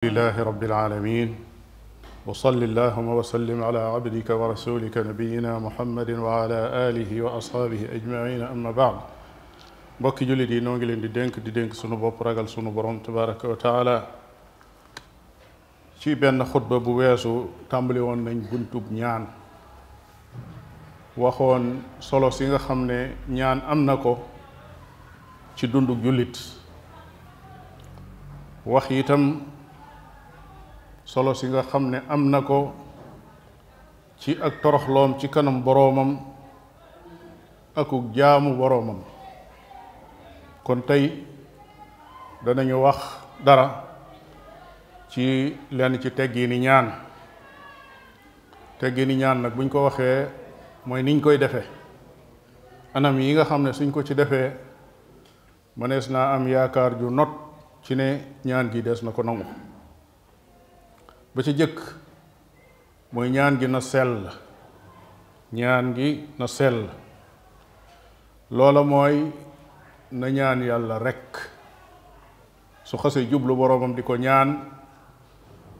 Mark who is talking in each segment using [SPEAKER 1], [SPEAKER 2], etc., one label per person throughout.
[SPEAKER 1] lillahi rabbil aalamiin wa salli allaahumma wa sallim alaa abdika wa rasulika nabiyina muhammadin wa alaa aalihi wa ashaabihi ajmaiin amma baad mbokki jullit yi noo ngi leen di dénk di dénk sunu bopp ragal sunu borom tabaraka wa taala ci benn xutba bu weesu tàmbali woon nañ buntub ñaan waxoon solo si nga xam ne ñaan am na ko ci dundug jullit wax itam solo si nga xam ne am na ko ci ak toroxloom ci kanam boroomam akuk jaamu boroomam kon tey danañu wax dara ci lenn ci ni ñaan ni ñaan nag buñ ko waxee mooy niñ koy defee anam yi nga xam ne suñ ko ci defee mënees naa am yaakaar ju not ci ne ñaan gi des na ko nangu ba ca jëkk mooy ñaan gi na sell ñaan gi na sell loola mooy na ñaan yàlla rekk su xasee jublu boroomam di ko ñaan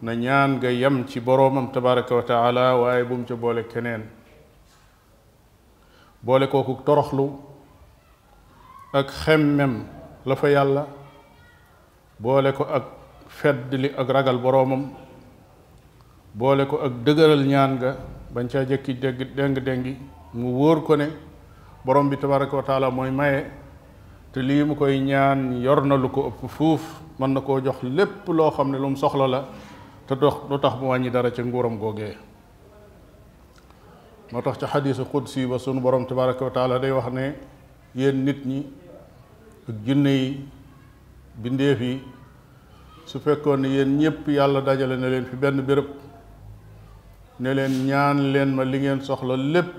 [SPEAKER 1] na ñaan nga yem ci boroomam tabaraka wa waaye bu mu ca boole keneen boole kooku toroxlu ak xemmem la fa yàlla boole ko ak fedd li ak ragal boroomam boole ko ak dëgëral ñaan ga bañ caa jëkki dégg déng-déngi mu wóor ko ne borom bi tabaraka wa taala mooy maye te lii mu koy ñaan yor na lu ko ëpp fuuf mën na koo jox lépp loo xam ne lu mu soxla la te dox lu tax mu wàññi dara ca nguuram googee moo tax ca xadiisu qudsi ba sunu borom tabaraka wa taala day wax ne yéen nit ñi ak jinne yi bindeef yi su fekkoon ne yéen ñëpp yàlla dajale na leen fi benn béréb ne leen ñaan leen ma li ngeen soxla lépp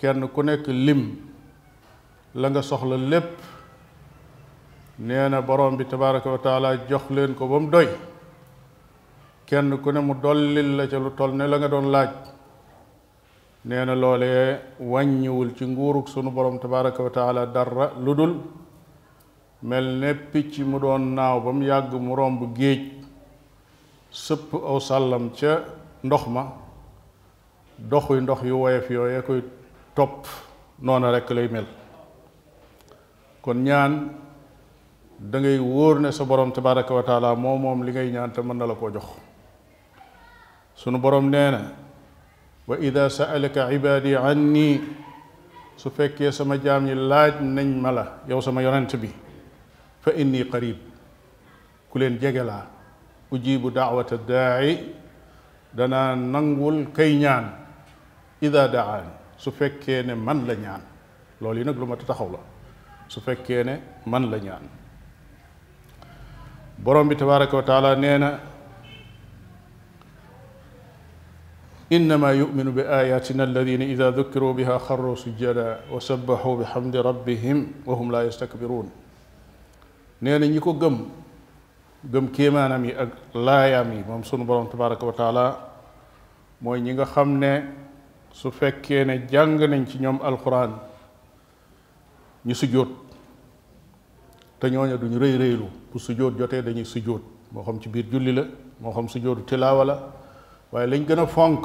[SPEAKER 1] kenn ku nekk lim la nga soxla lépp nee na borom bi tabaraka wa taala jox leen ko ba mu doy kenn ku ne mu dollil la ca lu toll ne la nga doon laaj nee loole wàññiwul ci nguurug sunu borom tabaraka wa taala dara lu dul mel ne picc mu doon naaw ba mu yàgg mu romb géej sëpp aw sàllam ca ndox ma doxuy ndox yu woyof yooye koy topp noona rekk lay mel kon ñaan dangay wóor ne sa borom tabaraka wa moo moom li ngay ñaan te mën na la koo jox sunu borom nee na wa ida saalaka ibaadi anni su fekkee sama jaam yi laaj nañ ma la yow sama yonent bi fa inni qarib ku leen jege laa ujibu daawata daai danaa nangul kay ñaan ida daani su fekkee ne man la ñaan loolu yi nag lu ma taxaw la su fekkee ne man la ñaan borom bi tabaraka wa taala nee na innama yuminu bi ayatina alladina ida dukiru biha xarru sujjada wa sabbaxu bi xamdi rabbihim wa hum la yastakbiruun nee na ñi gëm gëm kéemaanam yi ak laayaam yi moom sunu borom tabaraka wa taala mooy ñi nga xam ne su fekkee ne jàng nañ ci ñoom alxuraan ñu sujjóot te ñooña duñ rëy rëylu bu sujjóot jotee dañuy sujjóot moo xam ci biir julli la moo xam sujjóotu tilaawa la waaye lañ gën a fonk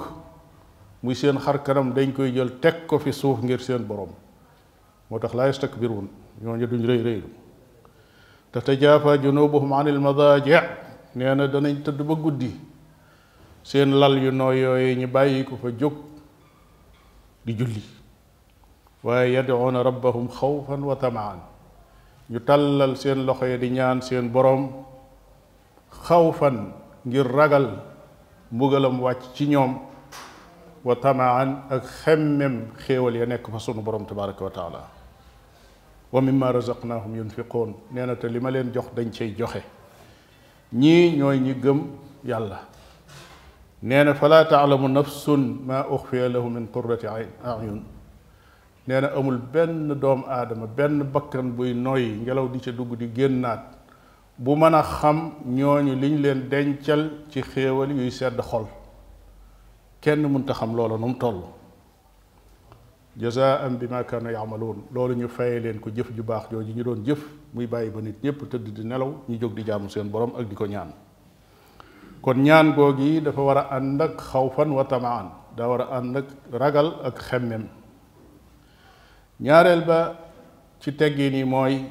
[SPEAKER 1] muy seen xar kanam dañ koy jël teg ko fi suuf ngir seen borom moo tax laa yastakbiruun ñooña duñ rëy rëylu te tatajaafa junubuhum anil madaaji nee na danañ tëdd ba guddi seen lal yu nooy yooyu ñu bàyyi ko fa jóg di julli waaye yad'uuna rabbahum xawfan wa tamaan ñu tàllal seen loxo yi di ñaan seen boroom xawfan ngir ragal mbugalam wàcc ci ñoom wa tamaan ak xemmem xéewal ya nekk fa sunu boroom tabaraka wa taala wa mimma razaqnahum yunfiqoon nee na te li ma leen jox dañ cay joxe ñii ñooy ñi gëm yàlla nee na falaa taalamu nafsun maa uxfiya lahu min qurrati ayun nee na amul benn doom aadama benn bakkan buy noyyi ngelaw di ca dugg di naat bu mën a xam ñooñu liñ leen dencal ci xéewal yuy sedd xol kenn mënta xam loola nu mu toll jazaan bi ma kaanu yaamaloon loolu ñu fayee leen ko jëf ju baax jooju ñu doon jëf muy bàyyi ba nit ñëpp tëdd di nelaw ñu jóg di jaamu seen borom ak di ko ñaan kon ñaan googi dafa war a ànd ak xawfan wa tamaan daa war a ànd ak ragal ak xemmem ñaareel ba ci teggin yi mooy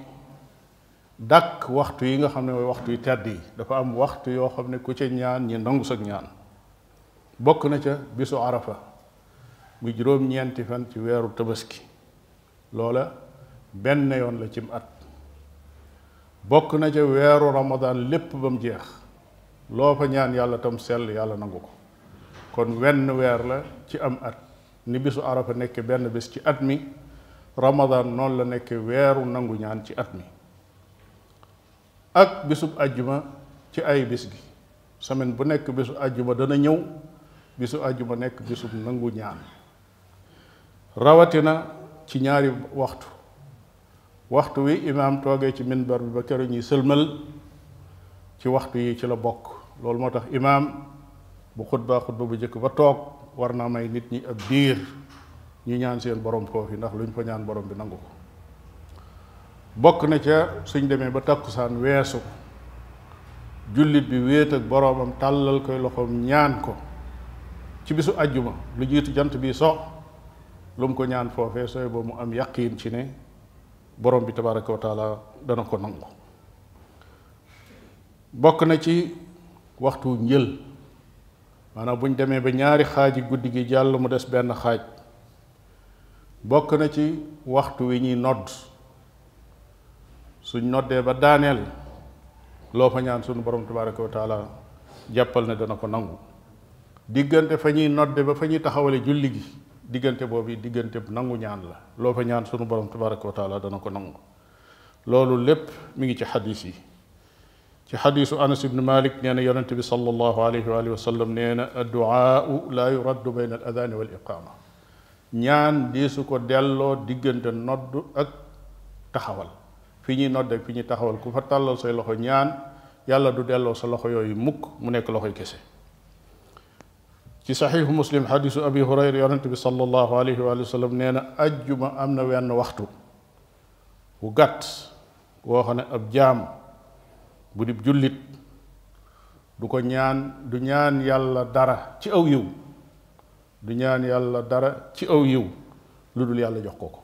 [SPEAKER 1] dàkk waxtu yi nga xam ne mooy waxtu yu tedd yi dafa am waxtu yoo xam ne ku ca ñaan ñi nangu sag ñaan bokk na ca bisu arafa muy juróom-ñeenti fan ci weeru tabaski loola benn yoon la cim at bokk na ca weeru ramadaan lépp ba mu jeex loo fa ñaan yàlla tam sell yàlla nangu ko kon wenn weer la ci am at ni bisu arafa nekk benn bis ci at mi ramadaan noonu la nekk weeru nangu ñaan ci at mi ak bisub ajjuma ci ay bis gi semaine bu nekk bisu ajjuma dana ñëw bisu ajjuma nekk bisub nangu ñaan rawatina ci ñaari waxtu waxtu wi imaam toogee ci minbar bi ba keru ñuy sëlmal ci waxtu yi ci la bokk loolu moo tax imaam bu xutba xutba bu jëkk ba toog war naa may nit ñi ab diir ñu ñaan seen borom foofu ndax lu ñu fa ñaan borom bi nangu ko bokk na ca suñ demee ba takkusaan weesu jullit bi wéet ak boroomam tàllal koy loxoom ñaan ko ci bisu àjjuma lu jiitu jant bi so lu mu ko ñaan foofee sooy boobu mu am yaqiin ci ne borom bi tabaraka wa taala dana ko nangu bokk na ci waxtu njël maanaam buñ demee ba ñaari xaaji guddi gi jàll mu des benn xaaj bokk na ci waxtu wi ñuy nodd suñ noddee ba daaneel loo fa ñaan sunu borom tabaraka jàppal na dana ko nangu diggante fa ñuy nodde ba fa ñuy taxawale julli gi diggante boobu diggante nangu ñaan la loo fa ñaan sunu borom tabaraka wa taala dana ko nangu loolu lépp mu ngi ci xadis yi ci xadisu anas ibn malik nee na yonente bi salallahu alayhi wa alihi wa sallam nee na adduaau laa yuraddu bayna al adaani wal ko delloo diggante nodd ak taxawal fi ñuy nodd ñuy taxawal ku say loxo ñaan yàlla du delloo sa loxo yooyu mukk mu nekk loxoy kese ci saxiixu muslim xadiisu abi hurayra yonent bi sallallahu alayhi wa sallam nee na ajjuma am na wenn waxtu wu gàtt woo xam ne ab jaam bu dib jullit du ko ñaan du ñaan yàlla dara ci aw yiw du ñaan yàlla dara ci aw yiw lu dul yàlla jox ko ko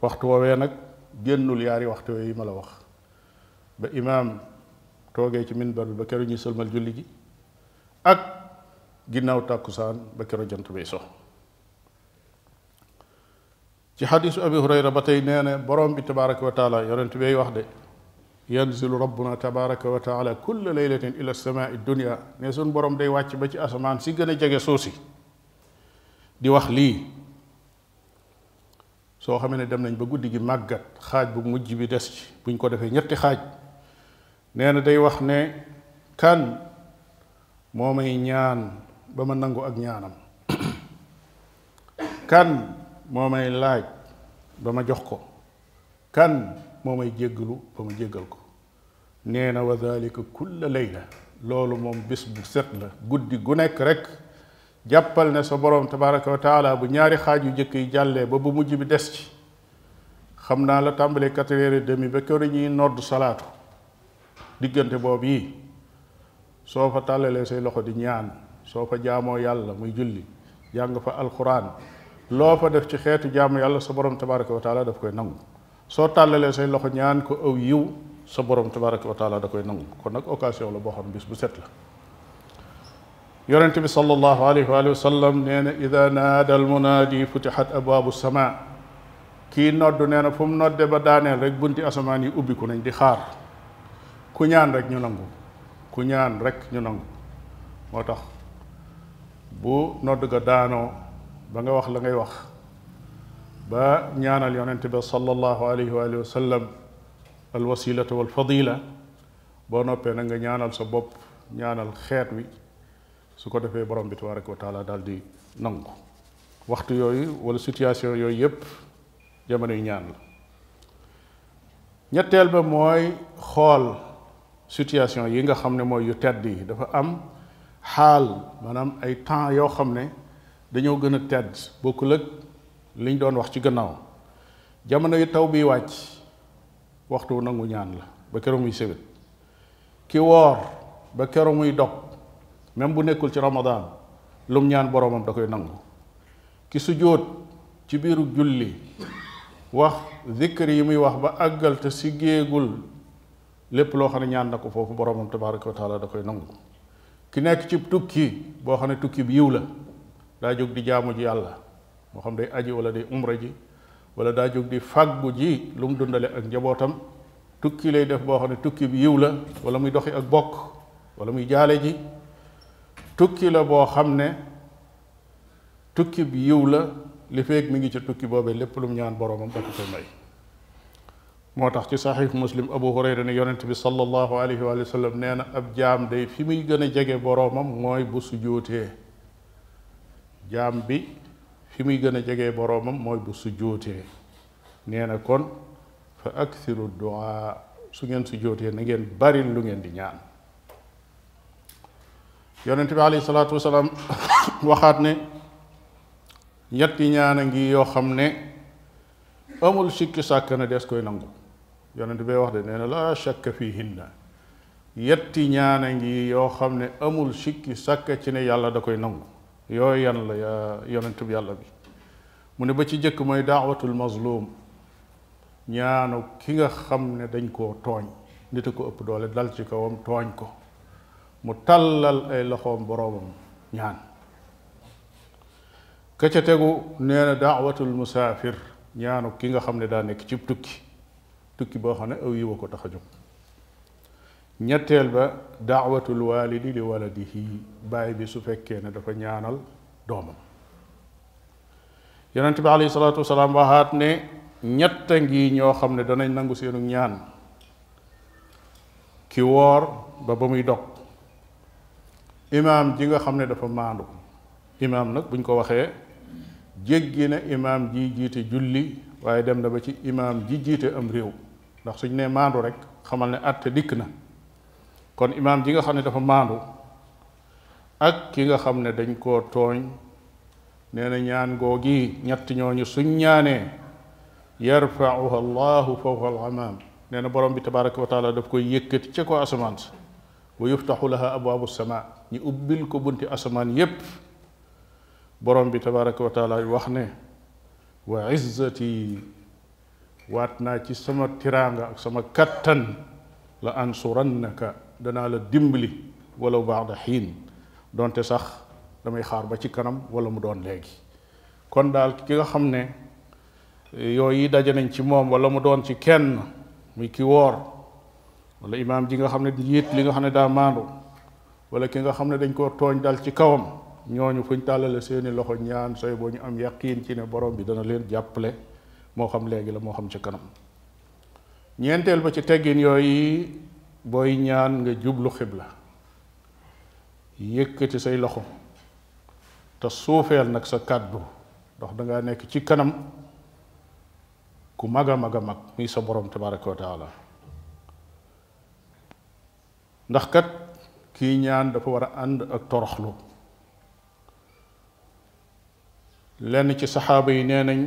[SPEAKER 1] waxtu we nag génnul yaari waxtu yi ma la wax ba imaam toogee ci minbar bi ba keroog ñu sëlmal julli ji ak ginnaaw tàkkusaan ba keroog jant bay so ci xadiisu abi hurayra ba tey nee na borom bi tabaraka wa taala yonent bay wax de yanzilu rabbuna tabaraka wa taala kulla laylatin ila samaai dunia ne sun borom day wàcc ba ci asamaan si gën a jege soosi di wax lii soo xamee ne dem nañ ba guddi gi màggat xaaj bu mujj bi des ci buñ ko defee ñetti xaaj nee na day wax ne kan moo may ñaan ba ma nangu ak ñaanam kan moo may laaj ba ma jox ko kan moo may jéggalu ba ma jéggal ko nee na wa dalika kulla layla loolu moom bis bu set la guddi gu nekk rek jàppal ne sa boroom tabaraka wa taala bu ñaari xaaj yu jëkk yi jàllee ba bu mujj bi des ci xam naa la tàmbali quatre heures et demi ba kër ñuy nodd salaatu diggante boobu yi soo fa tàllalee say loxo di ñaan soo ko jaamoo yàlla muy julli jàng fa alxuraan loo fa def ci xeetu jaamu yàlla sa borom tabaraka wa taala daf koy nangu soo tàllalee say loxo ñaan ko aw yiw sa borom tabaraka wa taala da koy nangu kon nag occasion la boo xam bis bu set la yonente bi sallallahu alayhi wa sallam nee na ida naada almunaadi futixat abwaabu sama kii nodd nee na fu mu nodde ba daaneel rek bunti asamaan yi ubbiku nañ di xaar ku ñaan rek ñu nangu ku ñaan rek ñu nangu moo tax bu nodd ga daanoo ba nga wax la ngay wax ba ñaanal yonent bi sallallahu alayhi wa sallam al wasilata wal fadila boo noppee nag nga ñaanal sa bopp ñaanal xeet wi su ko defee borom bi tabaraka wa taala daal di nangu waxtu yooyu wala situation yooyu yépp jamono yu ñaan la ñetteel ba mooy xool situation yi nga xam ne mooy yu tedd yi dafa am xaal maanaam ay temps yoo xam ne dañoo gën a tedd bokkul ak liñ doon wax ci gannaaw jamono yu taw bi wàcc waxtu nangu ñaan la ba keroog muy sëbét ki woor ba keroog muy dog même bu nekkul ci ramadan lum ñaan boroomam da koy nangu ki sujjóot ci biiru julli wax zikr yi muy wax ba àggal te si géegul lépp loo xam ne ñaan na ko foofu boroomam tabaraka wa taala da koy nangu ki nekk ci tukki boo xam ne tukki bi yiw la daa jóg di jaamu ji yàlla moo xam day aji wala day umra ji wala daa jóg di bu ji lu mu dundalee ak njabootam tukki lay def boo xam ne tukki bi yiw la wala muy doxi ak bokk wala muy jaale ji tukki la boo xam ne tukki bi yiw la li feeg mi ngi ca tukki boobee lépp lu mu ñaan boroomam da ko koy may moo tax ci saxiix muslim abu hurayra ne yonent bi sallallahu alayhi wa sallam nee na ab jaam day fi muy gën a jege boroomam mooy bu sujjóotee jaam bi fi muy gën a jege boroomam mooy bu sujjóotee nee na kon fa akthiru duaa su ngeen sujjóotee na ngeen bari lu ngeen di ñaan yonent bi alayhi salaatu wasalaam waxaat ne ñetti ñaan a ngi yoo xam ne amul sikki sàkk na des koy nangu yonent bee wax de nee na laa fii fiihinna yetti ñaana ngi yoo xam ne amul sikki sàkka ci ne yàlla da koy nangu yooyu yan la yaa yonent bi yàlla bi mu ne ba ci jëkk mooy daawatul mazlum ñaanu ki nga xam ne dañ koo tooñ nit a ko ëpp doole dal ci kawam tooñ ko mu tàllal ay loxoom boroomam ñaan ka ca nee na daawatul musaafir ñaanu ki nga xam ne daa nekk cib tukki tukki boo xam ne aw yiw ko tax a jóg ñetteel ba daawatul waalidi li waladihi baay bi su fekkee ne dafa ñaanal doomam yonent bi alayhi salaatu wasalaam waxaat ne ñett ngi ñoo xam ne danañ nangu seenu ñaan ki woor ba ba muy dog imaam ji nga xam ne dafa maandu imaam nag buñ ko waxee jéggi na imaam ji jiite julli waaye dem na ba ci imaam ji jiite am réew ndax suñ nee maandu rek xamal ne àtte dikk na kon imaam ji nga xam ne dafa maandu ak ki nga xam ne dañ koo tooñ nee na ñaan googi ñett ñooñu suñ ñaanee yarfauha allahu fawqa alamaam nee na borom bi tabaraka wa taala daf koy yëkkati ca ko asamaan sa wa yuftaxu laha abwaabu sama ñu ubbil ko bunti asamaan yépp borom bi tabaraka wa taala wax ne wa izzati waat naa ci sama tiraanga ak sama kattan la ansurannaka danaa la dimbali wala ba'da xiin donte sax damay xaar ba ci kanam wala mu doon léegi kon daal ki nga xam ne yooyu daje nañ ci moom wala mu doon ci kenn muy ki woor wala imaam ji nga xam ne njiit li nga xam ne daa maandu wala ki nga xam ne dañ koo tooñ dal ci kawam ñooñu fuñ tàllale seeni loxo ñaan sooy boo ñu am yaqiin ci ne borom bi dana leen jàppale moo xam léegi la moo xam ca kanam ñeenteel ba ci teggin yooyu booy ñaan nga jublu xibla yëkkati say loxo te suufeel nag sa kàddu ndax danga nekk ci kanam ku mag a mag a mag muy sa boroom tabaraka wa ndax kat kii ñaan dafa war a ànd ak toroxlu lenn ci saxaaba yi nee nañ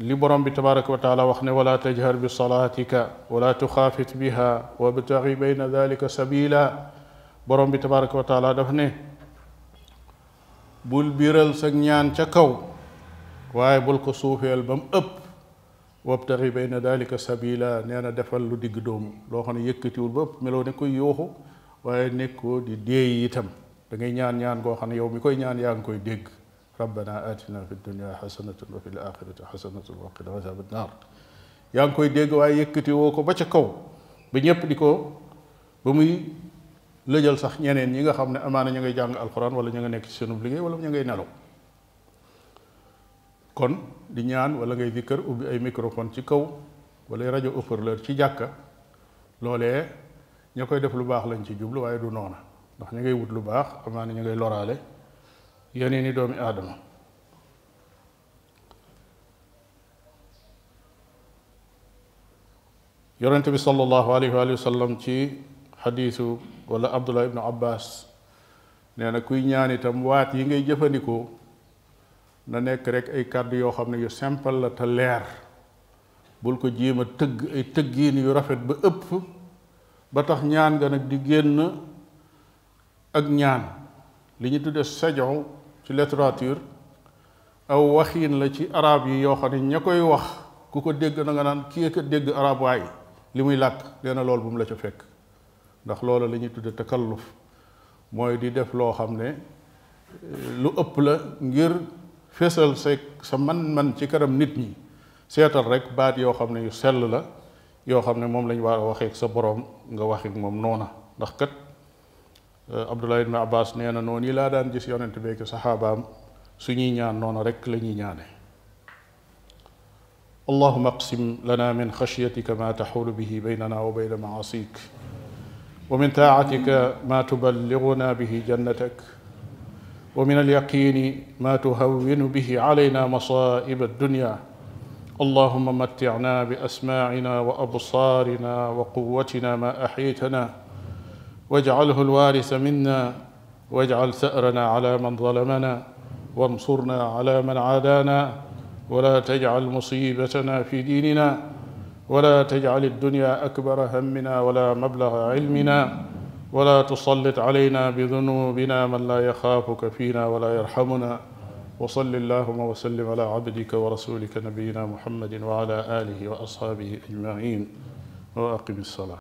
[SPEAKER 1] li borom bi tabaraka wa taala wax ne wala tajhar bi salaatika wala tuxaafit biha wabtaxi bayna dalika sabila borom bi tabaraka wa taala def ne bul biral sa ñaan ca kaw waaye bul ko suufeel ba mu ëpp wabtaxi bayna dalika sabila nee na defal lu digg doomu loo xam ne yëkkatiwul ba ëpp meloo ne koy yooxu waaye nekkoo di déey itam dangay ngay ñaan ñaan goo xam ne yow mi koy ñaan yaa ngi koy dégg rabbana atina fi dunia xasanatan wa fi l axirati xasanatan wa qina azaba annaar yaa ngi koy dégg waaye yëkkati woo ko ba ca kaw ba ñëpp di ko ba muy lëjal sax ñeneen ñi nga xam ne amaana ñu ngay jàng alquran wala ñu nga nekk ci seenub liggéey wala ñu ngay nelaw di ñaan wala ngay dikkër ubbi ay microphone ci kaw wala rajo haut ci jàkka loolee ña koy def lu baax lañ ci jublu du noona ndax ñu ngay wut lu baax amaana ñu ngay loraale yeneen yeneeni doomi aadama yonente bi sallallahu alayhi wa sallam ci xadiisu wala abdullah ibnu abbas nee na kuy ñaan itam waat yi ngay jëfandikoo na nekk rek ay kàddu yoo xam ne yu simple la te leer bul ko jéem a tëgg ay tëggiin yu rafet ba ëpp ba tax ñaan nga nag di génn ak ñaan li ñu tudde sajow ci littérature aw waxiin la ci arab yi yoo xam ne ña koy wax ku ko dégg na nga naan kii ko dégg arab waay li muy làkk nee na loolu bu mu la ca fekk ndax loola lañuy tudd tudde takalluf mooy di def loo xam ne lu ëpp la ngir fésal sa sa man-man ci kanam nit ñi seetal rek baat yoo xam ne yu sell la yoo xam ne moom lañu war a waxeek sa boroom nga waxeek moom noona ndax kat Eh, Abdullah ibn Abbas nee na noonu yi laa daan gis yonent beek saxaabaam suñuy ñaan noonu rek la ñuy ñaane allahuma aqsim lana min xashyatika ma taxulu bihi baynana wa bayna maasik wa min taacatika ma tuballiguna bihi jannatak wa min alyaqini ma tuhawinu bihi calayna masaa'iba addunya allahuma matticna bi asmaacina wa absaarina wa quwatina ma axyaytana واجعله الوارث منا واجعل ثأرنا على من ظلمنا وانصرنا على من عادانا ولا تجعل مصيبتنا في ديننا ولا تجعل الدنيا أكبر همنا ولا مبلغ علمنا ولا تسلط علينا بذنوبنا من لا يخافك فينا ولا يرحمنا وصل اللهم وسلم على عبدك ورسولك نبينا محمد وعلى آله وأصحابه أجمعين وأقم الصلاة